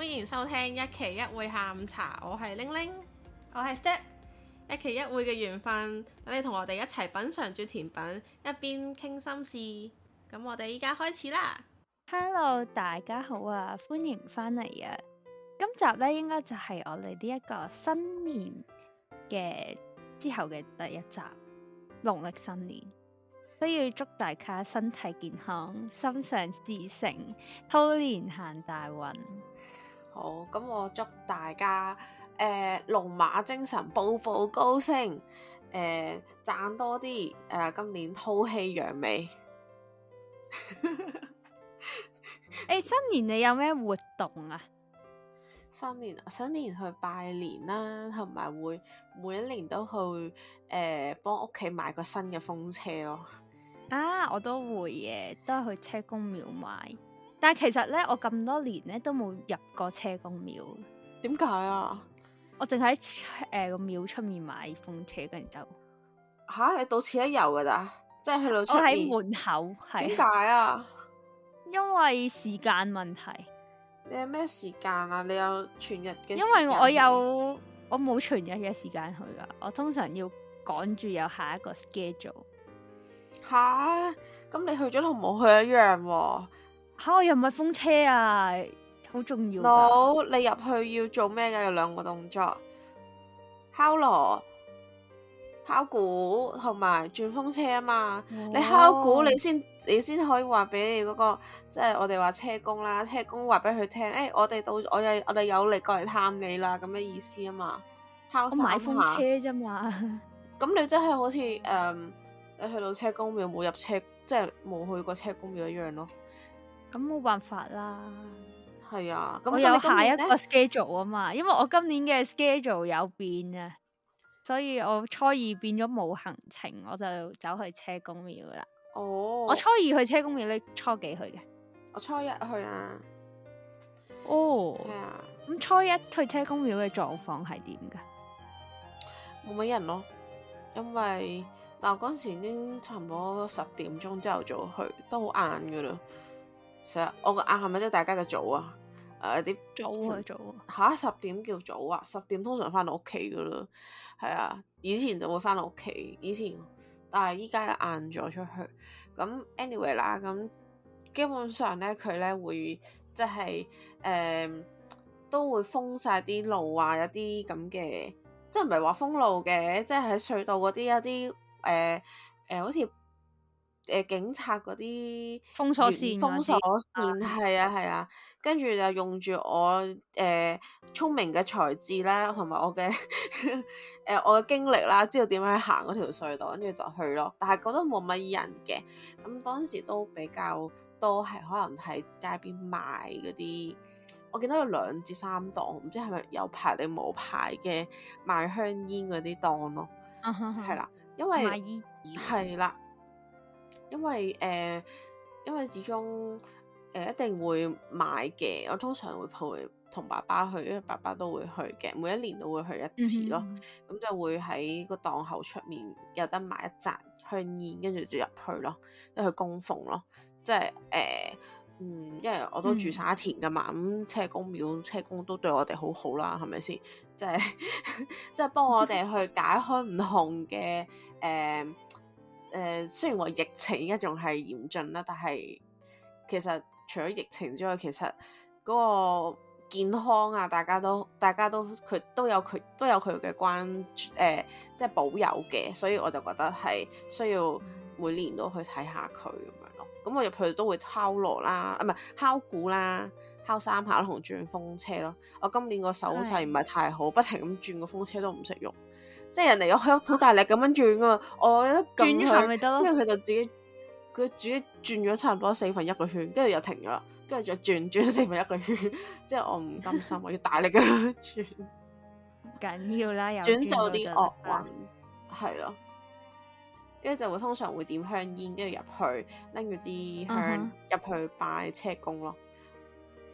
歡迎收聽一期一會下午茶，我係玲玲，我係 Step，一期一會嘅緣分，等你同我哋一齊品嘗住甜品，一邊傾心事。咁我哋依家開始啦。Hello，大家好啊，歡迎翻嚟啊。今集呢應該就係我哋呢一個新年嘅之後嘅第一集，農曆新年都要祝大家身體健康，心想事成，兔年行大運。好，咁我祝大家，誒、呃，龍馬精神，步步高升，誒、呃，賺多啲，誒、呃，今年吐氣揚眉。誒、 欸，新年你有咩活動啊？新年，新年去拜年啦，同埋會每一年都去，誒、呃，幫屋企買個新嘅風車咯。啊，我都會嘅，都係去車公廟買。但係其實咧，我咁多年咧都冇入過車公廟。點解啊？我淨係喺誒個廟出面買風車，跟住，就吓你到此一遊噶咋？即係去到出我喺門口，點解啊？為因為時間問題。你有咩時間啊？你有全日嘅？因為我有我冇全日嘅時間去啊。我通常要趕住有下一個 schedule。吓，咁你去咗同冇去一樣。哦。敲又唔係風車啊，好重要噶老，你入去要做咩噶有兩個動作，敲鑼、敲鼓，同埋轉風車啊嘛。你敲鼓，你先你先可以話俾嗰個即係我哋話車公啦。車公話俾佢聽，誒，我哋到我有我哋有嚟過嚟探你啦，咁嘅意思啊嘛。敲下。我買風車啫嘛。咁你真係好似誒，你去到車公廟冇入車，即係冇去過車公廟一樣咯。咁冇辦法啦，係啊。我有下一個 schedule 啊嘛，因為我今年嘅 schedule 有變啊，所以我初二變咗冇行程，我就走去車公廟啦。哦，我初二去車公廟，你初幾去嘅？我初一去啊。哦。係啊。咁初一去車公廟嘅狀況係點噶？冇乜人咯，因為嗱，嗰時已經差唔多十點鐘朝頭早，去都好晏噶啦。成日我個晏係咪即係大家嘅早啊？誒、呃、啲早，早啊早啊嚇，十點叫早啊？十點通常翻到屋企噶喇，係啊，以前就會翻到屋企，以前但係依家咧晏咗出去。咁 anyway 啦，咁基本上咧佢咧會即係誒、呃、都會封晒啲路啊，有啲咁嘅，即係唔係話封路嘅，即係喺隧道嗰啲有啲誒誒好似。誒警察嗰啲封鎖線，封鎖線係啊係啊，跟住就用住我誒聰明嘅才智啦，同埋我嘅誒、呃、我嘅經歷啦，知道點樣行嗰條隧道，跟住就去咯。但係覺得冇乜人嘅，咁當時都比較多係可能喺街邊賣嗰啲，我見到有兩至三檔，唔知係咪有牌定冇牌嘅賣香煙嗰啲檔咯，嗯、係啦，因為係啦。因為誒、呃，因為始終誒、呃、一定會買嘅。我通常會陪同爸爸去，因為爸爸都會去嘅。每一年都會去一次咯。咁、嗯哼嗯、就會喺個檔口出面有得買一紮香煙，跟住就入去咯，入去供奉咯。即係誒、呃，嗯，因為我都住沙田噶嘛，咁、嗯、車公廟車公都對我哋好好啦，係咪先？即係即係幫我哋去解開唔同嘅誒。嗯嗯誒，雖然話疫情而家仲係嚴峻啦，但係其實除咗疫情之外，其實嗰個健康啊，大家都大家都佢都有佢都有佢嘅關注，誒，即、呃、係、就是、保佑嘅，所以我就覺得係需要每年都去睇下佢咁樣咯。咁我入去都會敲鑼啦，啊唔係敲鼓啦，敲三下同轉風車咯。我今年個手勢唔係太好，的不停咁轉個風車都唔識用。即係人哋我好大力咁樣轉嘛、啊。 我都轉下咪得咯，跟住佢就自己佢 自己轉咗差唔多四分一個圈，跟住又停咗啦，跟住再轉轉四分一個圈，即係我唔甘心，我要大力咁轉。緊要 啦，轉就啲惡運係咯，跟住、嗯、 就會通常會點香煙，跟住入去拎住支香入去拜車公咯。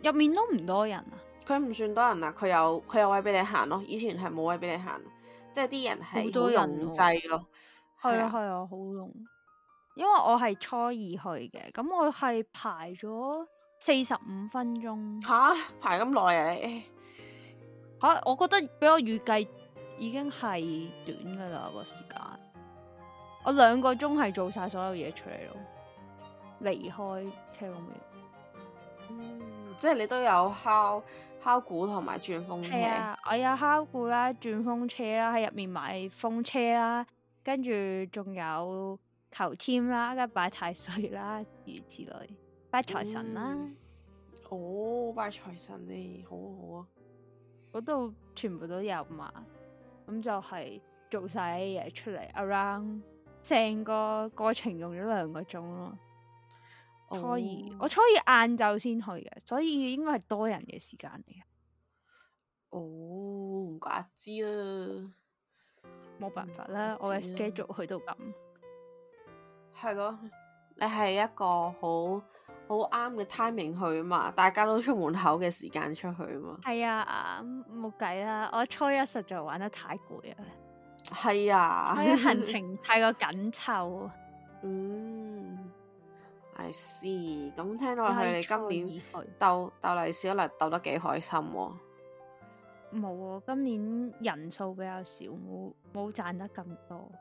入、嗯、哼面都唔多人啊？佢唔算多人啊，佢有佢有位俾你行咯。以前係冇位俾你行。即係啲人係好擁擠咯，係啊係啊，好用。因為我係初二去嘅，咁我係排咗四十五分鐘。吓、啊、排咁耐啊你？吓、啊，我覺得比我預計已經係短噶啦、個時間。我兩個鐘係做晒所有嘢出嚟咯。離開 Telegram 嗯，即係你都有敲。敲鼓同埋轉風車係啊！我有敲鼓啦，轉風車啦，喺入面買風車啦，跟住仲有求籤啦，跟住擺太歲啦，如此類拜財神啦。嗯、哦，拜財神呢，好啊好啊，嗰度全部都有嘛，咁就係做晒啲嘢出嚟，around 成個過程用咗兩個鐘咯。初二，oh. 我初二晏晝先去嘅，所以應該係多人嘅時間嚟嘅。哦、oh,，唔怪知啦，冇辦法啦，我嘅 schedule 去到咁。係咯，你係一個好好啱嘅 timing 去啊嘛，大家都出門口嘅時間出去啊嘛。係啊，冇計啦，我初一實在玩得太攰啊。係啊的，行程太過緊湊。 嗯。係，是咁聽到佢哋今年鬥鬥利是一嚟鬥得幾開心。冇啊，今年人數比較少，冇冇賺得咁多。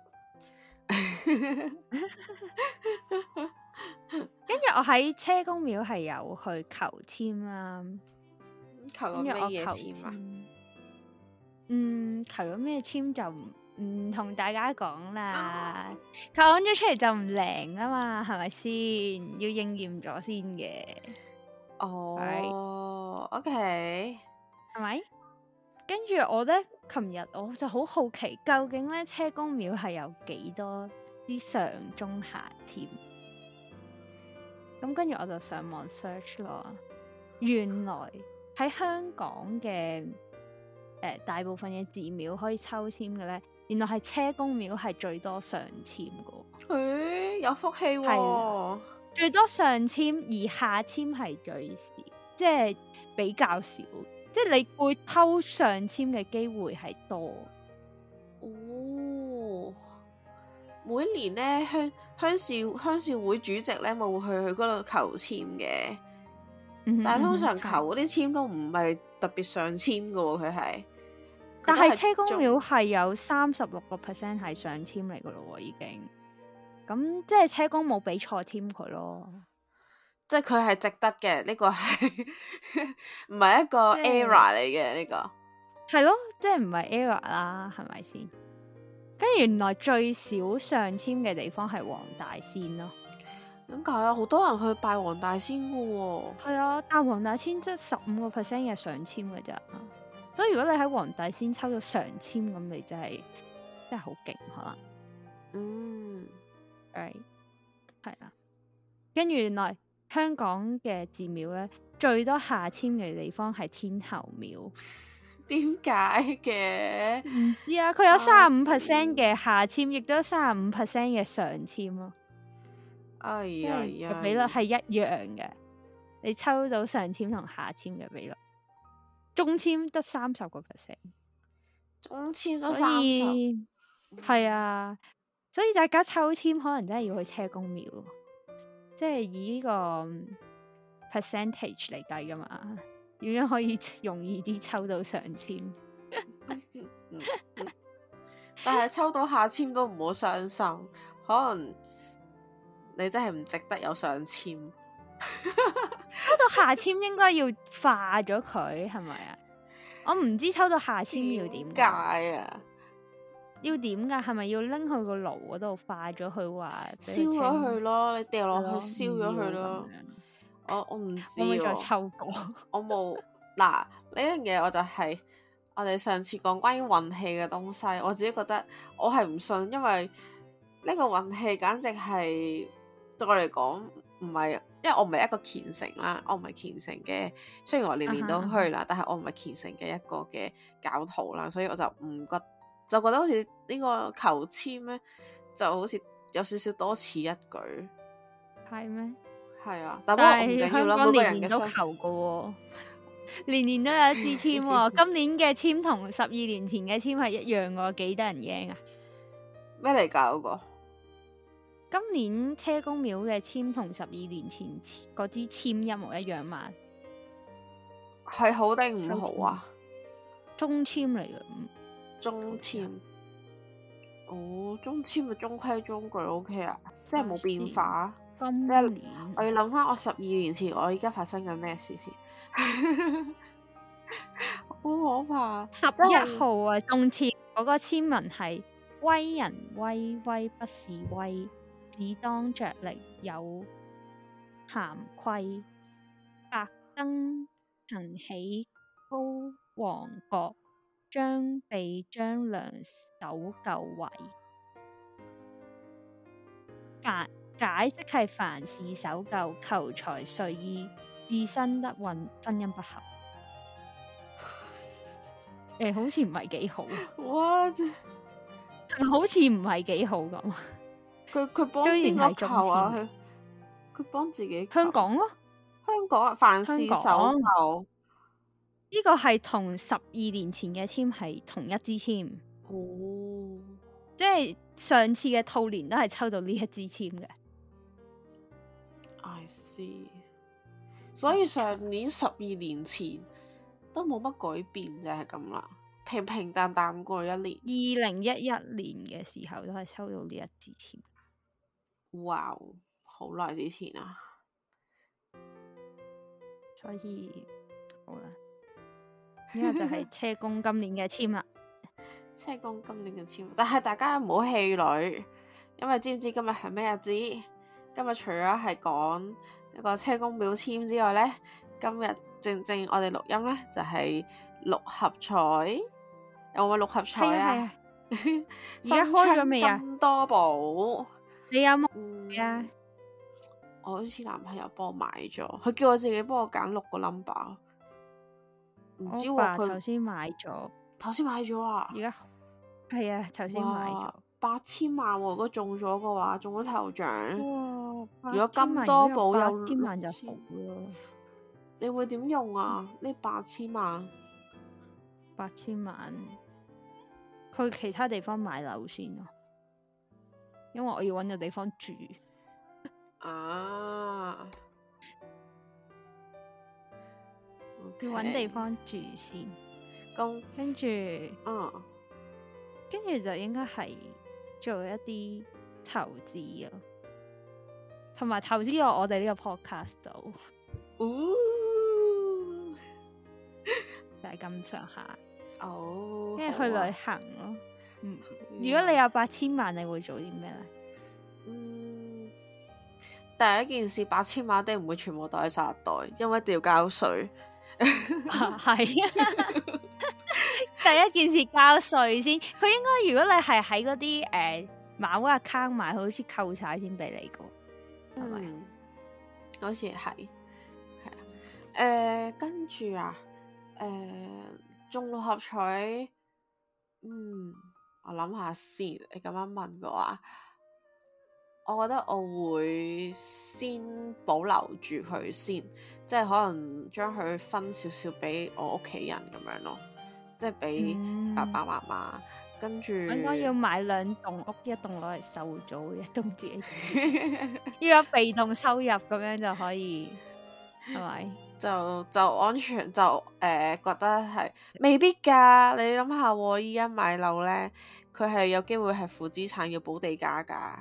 跟住我喺車公廟係有去求簽啦，啊，求咗咩簽啊？求簽，嗯，求咗咩簽就？唔同、嗯、大家講啦，講咗 出嚟就唔靈啊嘛，係咪先？要應驗咗先嘅。哦，OK，係咪？跟住我咧，琴日我就好好奇，究竟咧車公廟係有幾多啲上中下添？咁跟住我就上網 search 咯，原來喺香港嘅誒、呃、大部分嘅寺廟可以抽簽嘅咧。原來係車公廟係最多上簽嘅，誒、哎、有福氣、哦，係最多上簽，而下簽係最少，即係比較少，即係你會偷上簽嘅機會係多。哦，每年咧鄉鄉事鄉事會主席咧，咪會去去嗰度求簽嘅，嗯、但係通常求嗰啲簽都唔係特別上簽嘅，佢係。但係車公廟係有三十六個 percent 係上籤嚟噶咯，已經咁即係車公冇俾錯籤佢咯，即係佢係值得嘅，呢、這個係唔係一個 error 嚟嘅，呢個係咯，即係唔係 error 啦，係咪先？跟住原來最少上籤嘅地方係黃大仙咯，點解啊？好多人去拜黃大仙嘅、哦，係啊，但黃大仙即係十五個 percent 係上籤嘅咋。所以如果你喺皇帝先抽到上籤，咁你真係真係好勁可能。嗯，係係啦。跟住原來香港嘅寺廟咧，最多下籤嘅地方係天后廟。點解嘅？唔知啊、yeah，佢下籤有三十五 percent 嘅下籤，亦都有三十五 percent 嘅上籤咯。哎呀、哎哎，比率係一樣嘅。你抽到上籤同下籤嘅比率。中籤得三十個 percent，中籤得三十，係啊，所以大家抽籤可能真係要去車公廟，即係以呢、呢個 percentage 嚟計噶嘛，點樣可以容易啲抽到上籤？ 但係抽到下籤都唔好傷心，可能你真係唔值得有上籤。 抽到下籤應該要化咗佢係咪啊？我唔知抽到下籤要點解啊？要點噶？係咪要拎去個爐嗰度化咗佢？話燒咗佢咯，你掉落去燒咗佢咯。我我唔知，我再抽過。 我冇嗱呢樣嘢，這個、就我就係我哋上次講關於運氣嘅東西，我自己覺得我係唔信，因為呢個運氣簡直係對我嚟講唔係。因為我唔係一個虔誠啦，我唔係虔誠嘅，雖然我年年都去啦，uh huh. 但係我唔係虔誠嘅一個嘅教徒啦，所以我就唔覺得，就覺得好似呢個求籤咧，就好似有少少多此一舉，係咩嗎？係啊，但係是香港年年都求噶喎，哦，年年都有一支籤喎，哦， 今年嘅籤同十二年前嘅籤係一樣喎，哦，幾得人驚啊！咩嚟搞過？今年車公廟嘅籤同十二年前嗰支籤一模一樣嘛？係好定唔好啊？中籤嚟嘅，中籤，嗯哦，中籤咪中規中矩，OK 啊，即係冇變化。今年我要諗翻我十二年前我依家發生緊咩事先， 好可怕！十一號啊，啊中籤，我個籤文係威人威威，威不是威。只當着力有慚愧，白登頻起高黃閣，將被將良守舊圍。解釋係凡事守舊求財，隨意自身得運，婚姻不合。誒、 欸，好似唔係幾好。哇 What?，好似唔係幾好咁。佢佢幫邊個求啊？佢幫自己。香港咯，香港凡事守牛。呢個係同十二年前嘅簽係同一支簽。哦，即係上次嘅兔年都係抽到呢一支簽嘅。I see。所以上年十二年前都冇乜改變就係咁啦，平平淡淡過一年。二零一一年嘅時候都係抽到呢一支簽。哇！好耐之前啊，所以好啦，呢個就係車公今年嘅籤啦。 車公今年嘅籤，但係大家唔好氣餒，因為知唔知今日係咩日子？今日除咗係講一個車公廟籤之外咧，今日正正我哋錄音咧就係、是、六合彩，有冇六合彩啊？而家 開咗未？咁多寶。你有冇啊？我好似男朋友幫我買咗，佢叫我自己幫我揀六個 number，唔知話頭先買咗，頭先買咗啊！而家係啊，啊啊頭先買咗八千萬，如果中咗嘅話，中咗頭獎，如果金多寶有八千萬就好啦。你會點用啊？呢、嗯、八千萬，八千萬去其他地方買樓先咯、啊。因為我要搵個地方住啊 ，ah, okay. 要搵地方住先，咁跟住，嗯後，跟住、oh. 就應該係做一啲投資咯，同埋投資落我哋呢個 podcast 度，Ooh. 就係咁上下哦，跟住、oh, 去旅行咯。嗯，如果你有八千萬，你會做啲咩咧？嗯，第一件事八千萬，一定唔會全部袋去晒袋，因為一定要交稅。係 啊，啊 第一件事交稅先。佢 應該如果你係喺嗰啲誒某 account 買佢好似扣晒先俾你個。嗯，好似係係啊。誒，跟住啊，誒，中六合彩，嗯。我諗下先，你咁樣問嘅話，我覺得我會先保留住佢先，即係可能將佢分少少俾我屋企人咁樣咯，即係俾爸爸媽媽，跟住、嗯、著應該要買兩棟屋，一棟攞嚟收租，一棟自己住， 要有被動收入咁樣就可以，係咪？就就安全就誒、呃、覺得係未必㗎，你諗下我依家買樓咧，佢係有機會係負資產要補地價㗎，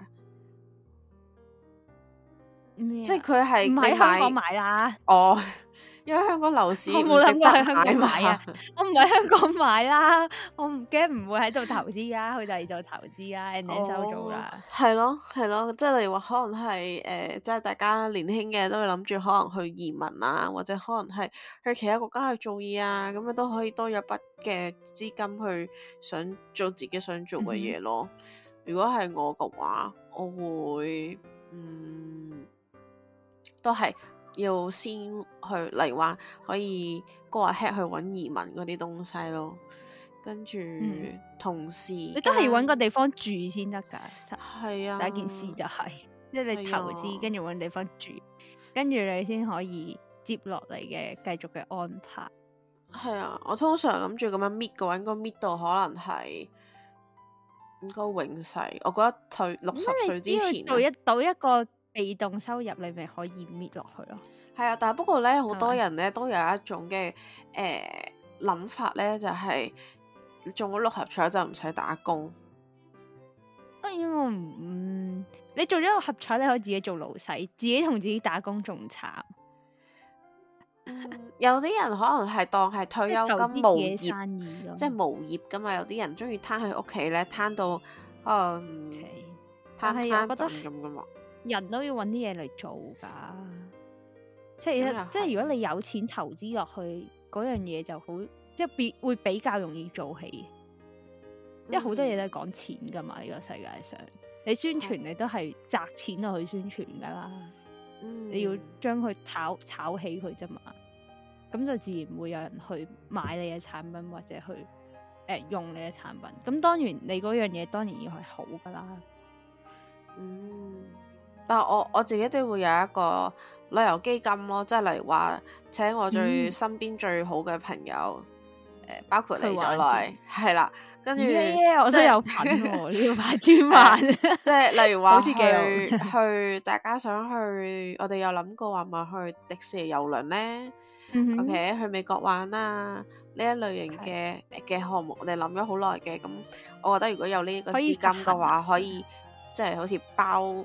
麼即係佢係唔喺香港買啦哦。因為香港樓市，我冇諗過喺香港買，買啊！ 我唔喺香港買啦，我唔驚唔會喺度投資噶，佢第二做投資啊，人哋就做啦。係咯，係咯，即係例如話可能係誒、呃，即係大家年輕嘅都會諗住可能去移民啊，或者可能係去其他國家去做嘢啊，咁樣都可以多一筆嘅資金去想做自己想做嘅嘢咯。Mm hmm. 如果係我嘅話，我會，嗯，都係。要先去例如話可以過 head 去揾移民嗰啲東西咯，跟住、嗯、同時，你都係要揾個地方住先得噶，係啊，第一件事就係、是、即係你投資，啊、跟住揾地方住，跟住你先可以接落嚟嘅繼續嘅安排。係啊，我通常諗住咁樣搣嘅話應該搣到可能係應該永世。我覺得退六十歲之前一到一個。被動收入你咪可以搣落去咯。係啊，但係不過咧，好多人咧都有一種嘅誒諗法咧，就係你中咗六合彩就唔使打工。哎呀、嗯，你做咗六合彩，你可以自己做老細，自己同自己打工仲慘。有啲人可能係當係退休金無業，即係無業噶嘛。有啲人中意攤喺屋企咧，攤到嗯，攤攤陣咁噶嘛。Okay. 躺躺人都要揾啲嘢嚟做噶，啊，即係，啊、即係如果你有錢投資落去嗰樣嘢就好，即係比會比較容易做起。因為好多嘢都係講錢噶嘛，呢、這個世界上，你宣傳、啊、你都係砸錢落去宣傳噶啦，嗯、你要將佢炒炒起佢啫嘛，咁就自然會有人去買你嘅產品或者去誒、呃、用你嘅產品。咁當然你嗰樣嘢當然要係好噶啦，嗯。但係我我自己都會有一個旅遊基金咯、哦，即係例如話請我最、嗯、身邊最好嘅朋友，誒、呃、包括你在內係啦，跟住、yeah, 我真係有品喎、哦，呢 個買專即係例如話去去大家想去，我哋有諗過話咪去迪士尼遊輪咧，OK 去美國玩啦，呢一類型嘅嘅項目我，我哋諗咗好耐嘅，咁我覺得如果有呢個資金嘅話，可以即係、就是、好似包。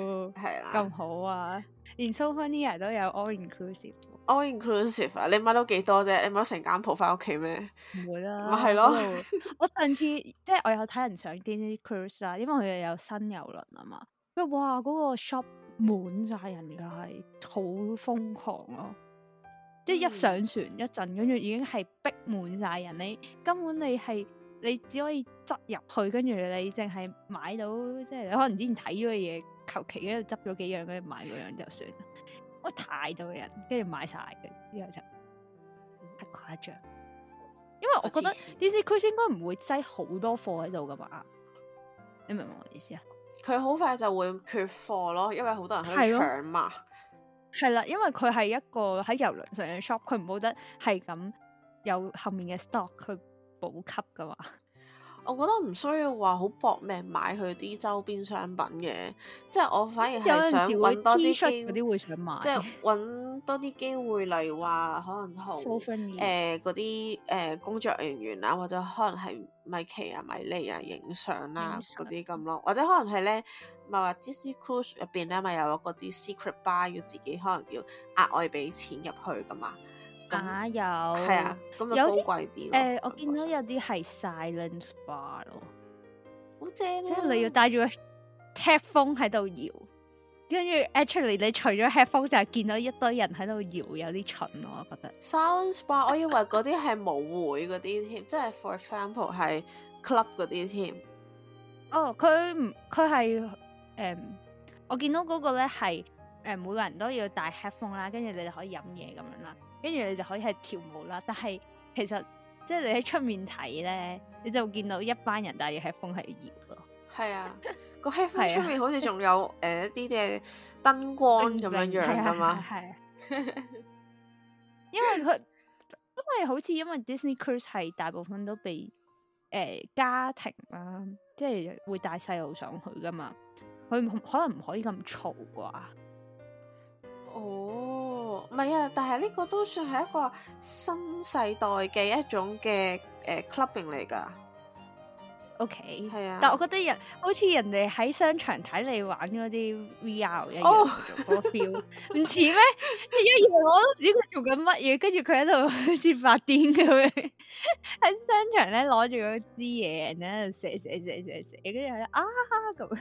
係啦，咁好啊！連 Souvenir 都有 all inclusive，all inclusive inc 啊！你買到幾多啫？你買到成間鋪翻屋企咩？唔會啦，係咯。哦、 我上次即係我有睇人上啲 Cruise 啦，因為佢又有新遊輪啊嘛。跟住哇，嗰、嗰個 shop 滿晒人，又係好瘋狂咯、啊。即係一上船、嗯、一陣，跟住已經係逼滿晒人。你根本你係你只可以執入去，跟住你淨係買到即係你可能之前睇咗嘅嘢。求其喺度執咗幾樣，跟住買嗰樣就算啦。我 太多人，跟住買晒嘅，之後就太誇張。因為我覺得 Disney Cruise 應該唔會擠好多貨喺度噶嘛，你明唔明我意思啊？佢好快就會缺貨咯，因為好多人去搶嘛。係啦，因為佢係一個喺郵輪上嘅 shop，佢唔好得係咁有後面嘅 stock 去補給噶嘛。我覺得唔需要話好搏命買佢啲周邊商品嘅，即係我反而係想揾多啲機，啲會，會想買， 即係揾多啲機會，例如話可能同誒嗰啲誒工作人員啊，或者可能係米奇啊、米妮啊影相啦嗰啲咁咯，或者可能係咧咪話 Disney Cruise 入邊咧咪有嗰啲 secret bar 要自己可能要額外俾錢入去㗎嘛？假有，係啊，有啲、啊、貴啲。誒，呃、安我見到有啲係 Silence Bar 咯，好正咯。即係你要戴住個 headphone 喺度搖，跟住 actually，你除咗 headphone 就係見到一堆人喺度搖，有啲蠢，我覺得。Silence Bar，我以為嗰啲係舞會嗰啲添， 即係 for example 係 club 嗰啲添。哦，佢唔佢係誒，我見到嗰個咧係誒，每個人都要戴 headphone 啦，跟住你就可以飲嘢咁樣啦。跟住你就可以係跳舞啦，但係其實即係你喺出面睇咧，你就會見到一班人帶，但係喺風係熱咯。係啊，個喺風出面好似仲有誒一啲嘅燈光咁樣樣噶嘛。係、嗯嗯嗯， 因為佢因為好似因為 Disney Cruise 係大部分都被誒、呃、家庭啦、啊，即係會帶細路上去噶嘛，佢可能唔可以咁嘈啩。哦、啊。Oh, 唔係啊，但係呢個都算係一個新世代嘅一種嘅誒 clubbing 嚟㗎。OK，係啊，但我覺得人好似人哋喺商場睇你玩嗰啲 VR 一樣個 feel，唔似咩？一樣，我都唔知佢做緊乜嘢，跟住佢喺度好似發癲咁樣喺商場咧攞住嗰支嘢，喺度寫寫寫寫寫，跟住啊咁，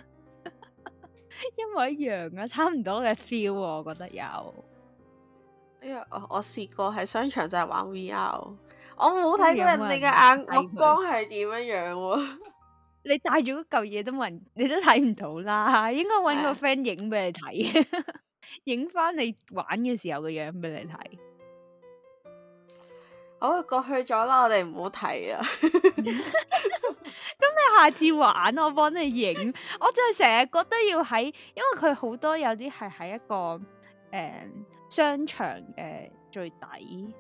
因為一樣啊，差唔多嘅 feel，我覺得有。因為、哎、我我試過喺商場就係玩 VR，我冇睇到人哋嘅眼目光係點樣。 你戴住嗰嚿嘢都冇人，你都睇唔到啦。應該搵個 friend 影俾你睇，影 翻你玩嘅時候嘅樣俾你睇。好、嗯、過去咗啦，我哋唔好睇啊。咁 你下次玩，我幫你影。 我真係成日覺得要喺，因為佢好多有啲係喺一個。誒、嗯、商場嘅最底，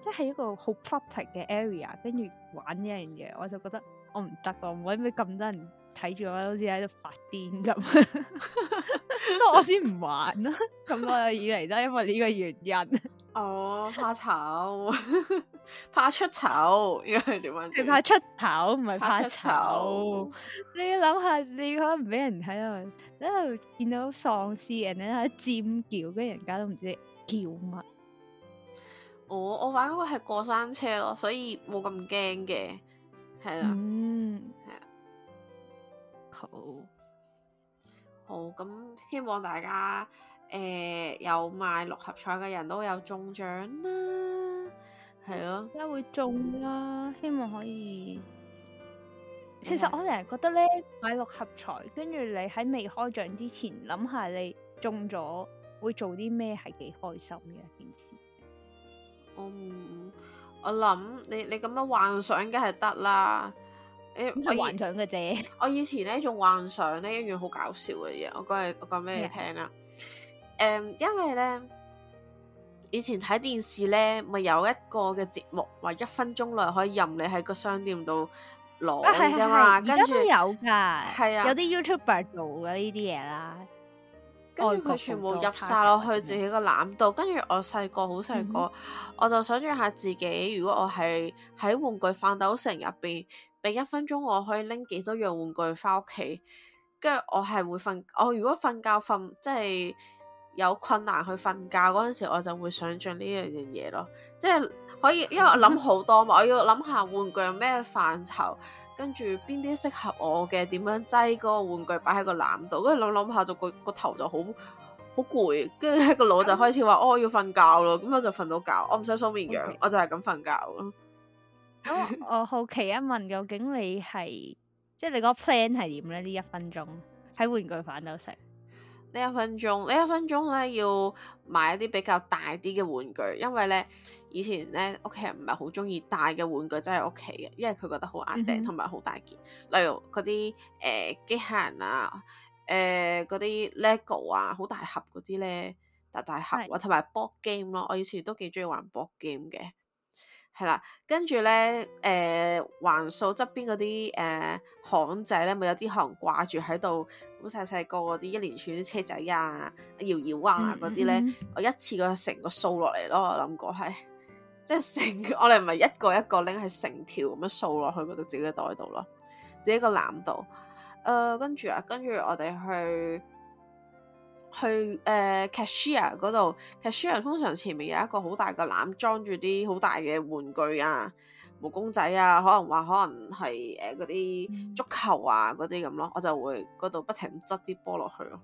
即係一個好 popular 嘅 area，跟住玩呢樣嘢，我就覺得我唔得咯，唔可以咁多人睇住我，好似喺度發癲咁， 所以我先唔玩啦。咁我 以嚟都係因為呢個原因。 哦，oh, 怕醜， 怕出醜，應該點樣？最怕出醜，唔係怕醜。怕醜 你要諗下，你可能唔俾人睇喺你喺度見到喪屍人喺度尖叫，跟 you 住 know, 人家都唔知叫乜。我、oh, 我玩嗰個係過山車咯，所以冇咁驚嘅，係啦，嗯，係啊，好，好咁，希望大家。誒、呃，有買六合彩嘅人都有中獎啦，係咯，點解會中啦、啊，希望可以。嗯、其實我成日覺得咧，買六合彩，跟住你喺未開獎之前諗下，想想你中咗會做啲咩，係幾開心嘅一件事。我唔、嗯，我諗你你咁樣幻想梗係得啦，你唔係幻想嘅啫。我以前咧仲幻想呢一樣好搞笑嘅嘢，我講嚟，我講俾你聽啦。嗯嗯、因為咧，以前睇電視咧，咪有一個嘅節目話一分鐘內可以任你喺個商店度攞噶嘛。而家都有噶，係啊，著有啲的 YouTuber 做嘅呢啲嘢啦。跟住佢全部入晒落去自己個籃度，跟住我細個好細個，嗯、我就想象下自己如果我係喺玩具反斗城入邊，俾一分鐘我可以拎幾多樣玩具翻屋企，跟住我係會瞓。我如果瞓覺瞓，即係。有困難去瞓覺嗰陣時，我就會想象呢樣嘢咯，即係可以，因為我諗好多嘛， 我要諗下玩具有咩範疇，跟住邊啲適合我嘅，點樣擠嗰個玩具擺喺個籃度，跟住諗諗下就個個頭就好好攰，跟住個腦就開始話， 哦，我要瞓覺咯，咁我就瞓到覺，我唔使梳面嘅，Okay. 我就係咁瞓覺咯。 我好奇一問，究竟你係即係你個 plan 係點咧？呢一分鐘喺玩具反斗城？Sir」呢一分鐘，呢一分鐘咧要買一啲比較大啲嘅玩具，因為咧以前咧屋企人唔係好中意大嘅玩具，真係屋企嘅，因為佢覺得好壓頂同埋好大件。例如嗰啲誒機械人啊，誒、呃、嗰啲 LEGO 啊，好大盒嗰啲咧，大大盒，啊，同埋 board game 咯。我以前都幾中意玩 board game 嘅。係啦，跟住咧，誒，橫掃側邊嗰啲誒巷仔咧，咪有啲巷掛住喺度，好細細個嗰啲一連串啲車仔啊、搖搖啊嗰啲咧，我一次過成個掃落嚟咯，我諗過係，即係成個，我哋唔係一個一個拎，係成條咁樣掃落去嗰度自己嘅袋度咯，自己個籃度，誒、呃，跟住啊，跟住我哋去。去誒 cashier 嗰度，cashier 通常前面有一個好大嘅籃，裝住啲好大嘅玩具啊、毛公仔啊，可能話可能係誒嗰啲足球啊嗰啲咁咯，我就會嗰度不停執啲波落去咯。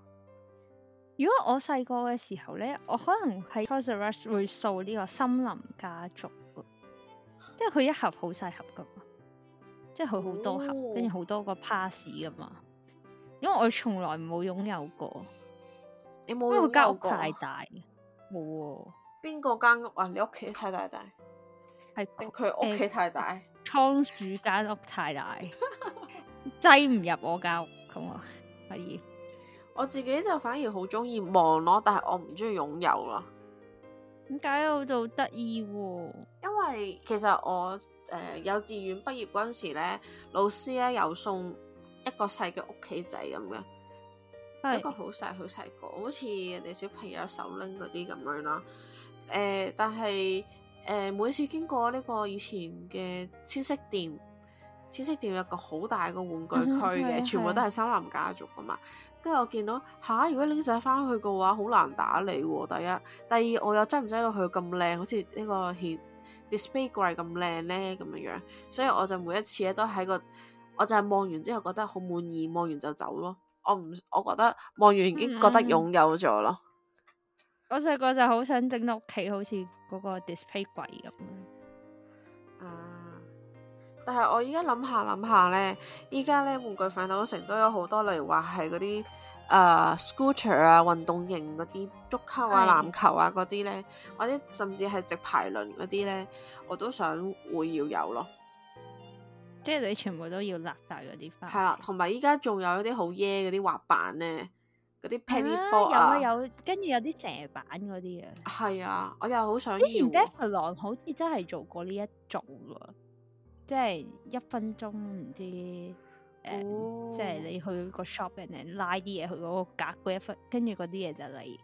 如果我細個嘅時候咧，我可能喺 coserush 會掃呢個森林家族，即係佢一盒好細盒噶嘛，即係佢好多盒，哦、跟住好多個 pass 嘅嘛，因為我從來冇擁有過。你冇？因為間屋太大，冇喎、啊。邊個間屋啊？你屋企太大大，係定佢屋企太大？倉鼠間屋太大， 擠唔入我間屋咁啊！可以，我自己就反而好中意望咯，但係我唔中意擁有咯。點解我就得意喎？因為其實我誒、呃、幼稚園畢業嗰陣時咧，老師咧又送一個細嘅屋企仔咁樣。一個好細好細個，好似人哋小朋友手拎嗰啲咁樣咯。誒、呃，但係誒、呃，每次經過呢個以前嘅千色店，千色店有個好大個玩具區嘅，嗯、哼全部都係森林家族噶嘛。跟住、嗯、哼我見到吓，啊、如果拎晒翻去嘅話，好難打理喎、哦。第一，第二，我又擠唔擠到佢咁靚，好似呢個 display 櫃咁靚咧咁樣樣。所以我就每一次咧都喺個，我就係望完之後覺得好滿意，望完就走咯。我唔，我覺得望完已經覺得擁有咗咯。嗯嗯。我細個就想好想整到屋企好似嗰個 display 櫃咁樣。啊！但係我依家諗下諗下咧，依家咧玩具反斗城都有好多，例如話係嗰啲誒 scooter 啊、運動型嗰啲足球啊、籃球啊嗰啲咧，或者是甚至係直排輪嗰啲咧，我都想會要有咯。即係你全部都要甩晒嗰啲花。係啦，同埋依家仲有啲好耶嗰啲滑板咧，嗰啲 penny board 啊有啊有，跟住有啲斜板嗰啲啊。係、嗯、啊，我又好想要之前 Deverlon 好似真係做過呢一種喎，即係一分鐘唔知誒，呃哦、即係你去個 shop 入邊拉啲嘢去嗰個格嗰一分，跟住嗰啲嘢就嚟。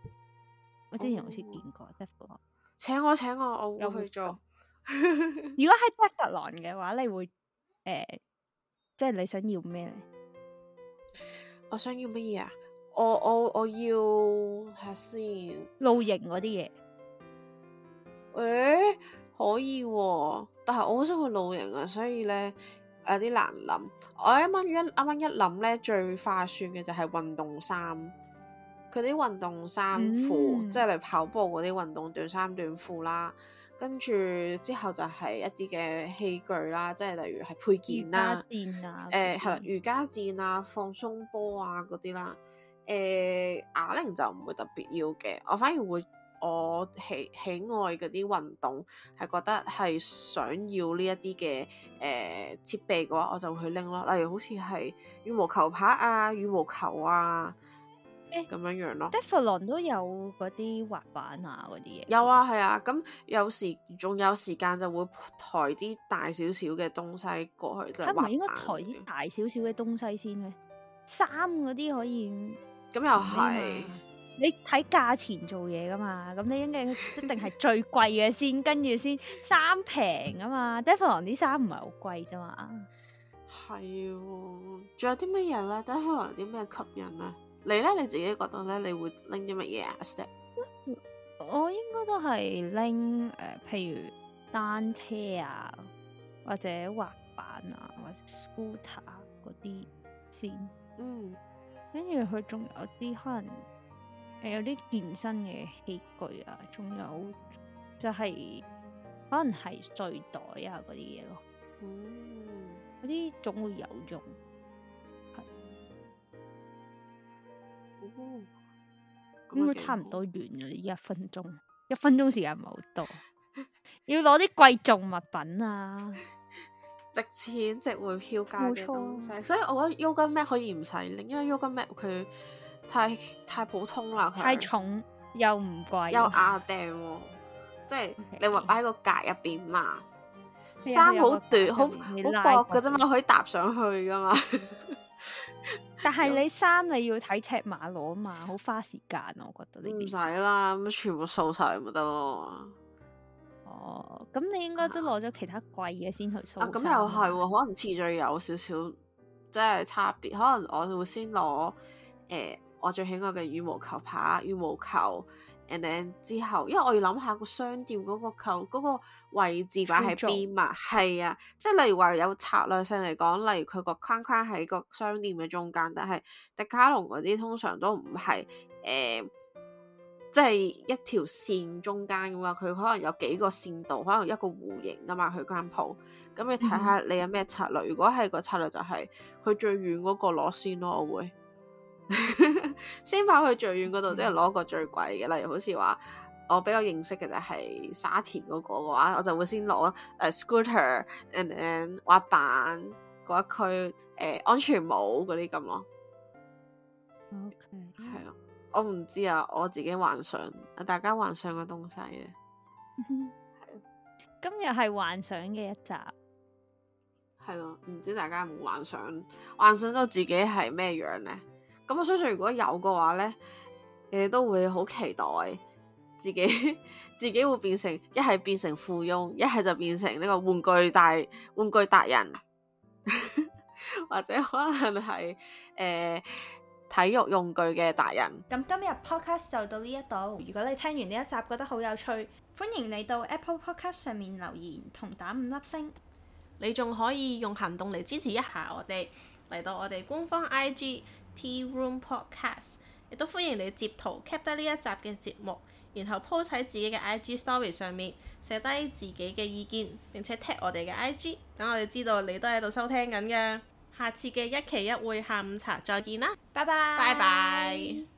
我之前好似見過、哦、Deverlon，請我請我，我去做。 如果喺 Deverlon 嘅話，你會？誒、呃，即係你想要咩咧？我想要乜嘢啊？我我我要下先露營嗰啲嘢。誒、欸，可以喎、啊，但係我好想去露營啊，所以咧有啲難諗。我啱啱一啱啱一諗咧，最化算嘅就係運動衫，佢啲運動衫褲，嗯、即係嚟跑步嗰啲運動短衫短褲啦。跟住之後就係一啲嘅器具啦，即係例如係配件啦，誒係啦，瑜伽墊啊、呃、墊啊放鬆波啊嗰啲啦，誒、呃、啞鈴就唔會特別要嘅，我反而會我喜喜愛嗰啲運動係覺得係想要呢一啲嘅誒設備嘅話，我就會去拎咯，例如好似係羽毛球拍啊、羽毛球啊。咁、欸、樣樣咯，Deveron 都有嗰啲滑板啊，嗰啲嘢有啊，係啊，咁有時仲有時間就會抬啲大少少嘅東西過去，嗯、就滑板。唔係應該抬啲大少少嘅東西先咩？衫嗰啲可以，咁、嗯、又係，你睇價錢做嘢噶嘛？咁你應該一定係最貴嘅先， 跟住先衫平噶嘛？Deveron 啲衫唔係好貴啫嘛。係喎，仲、啊、有啲乜嘢咧？Deveron 啲咩吸引啊？你咧，你自己覺得咧，你會拎啲乜嘢啊？Step，我應該都係拎誒，譬如單車啊，或者滑板啊，或者 scooter 嗰啲先。嗯，跟住佢仲有啲可能誒，有啲健身嘅器具啊，仲有就係可能係睡袋啊嗰啲嘢咯。嗯，嗰啲總會有用。咁都差唔多完啦，一分鐘，一分鐘時間唔係好多，要攞啲貴重物品啊，值錢值回票價，所以我覺得 yoga mat 可以唔使拎，因為 yoga mat 佢太太普通啦，太重又唔貴，又硬掟，即係你話擺喺個格入邊嘛，衫，好短，好好薄嘅啫嘛，可以搭上去噶嘛。 但係你衫你要睇尺碼攞嘛，好花時間，我覺得你唔使啦，咁全部掃晒咪得咯。哦，咁你應該都攞咗其他貴嘢先去掃啊？咁、啊啊、又係、哦，可能次序有少少即係差啲，可能我會先攞誒、欸，我最喜愛嘅羽毛球拍、羽毛球。And then 之後，因為我要諗下個商店嗰個扣、那個、位置擺喺邊嘛，係中啊，即係例如話有策略性嚟講，例如佢個框框喺個商店嘅中間，但係迪卡龍嗰啲通常都唔係誒，即、呃、係、就是、一條線中間咁啊，佢可能有幾個線道，可能一個弧形啊嘛，佢間鋪，咁你睇下你有咩策略。嗯、如果係個策略就係佢最遠嗰個攞先咯，我會。 先跑去最遠嗰度，係即係攞個最貴嘅。例如好似話，我比較認識嘅就係沙田嗰個嘅話，我就會先攞誒、uh，scooter and 滑板嗰一區，誒、呃，安全帽嗰啲咁咯。OK，係啊，我唔知啊，我自己幻想，大家幻想嘅東西咧，啊， 今日係幻想嘅一集，係咯，唔知大家有冇幻想，幻想到自己係咩樣呢、啊？咁我相信如果有嘅話呢，你都會好期待自己自己會變成一係變成富翁，一係就變成呢個玩具大玩具達人， 或者可能係誒、呃、體育用具嘅達人。咁今日 podcast 就到呢一度。如果你聽完呢一集覺得好有趣，歡迎你到 Apple Podcast 上面留言同打五粒星。你仲可以用行動嚟支持一下我哋嚟到我哋官方 IG。Tea Room Podcast 亦都歡迎你截圖，cap 得呢一集嘅節目，然後 po 喺自己嘅 IG Story 上面，寫低自己嘅意見，並且 tag 我哋嘅 IG，等我哋知道你都喺度收聽緊嘅。下次嘅一期一會下午茶再見啦，拜拜，拜拜。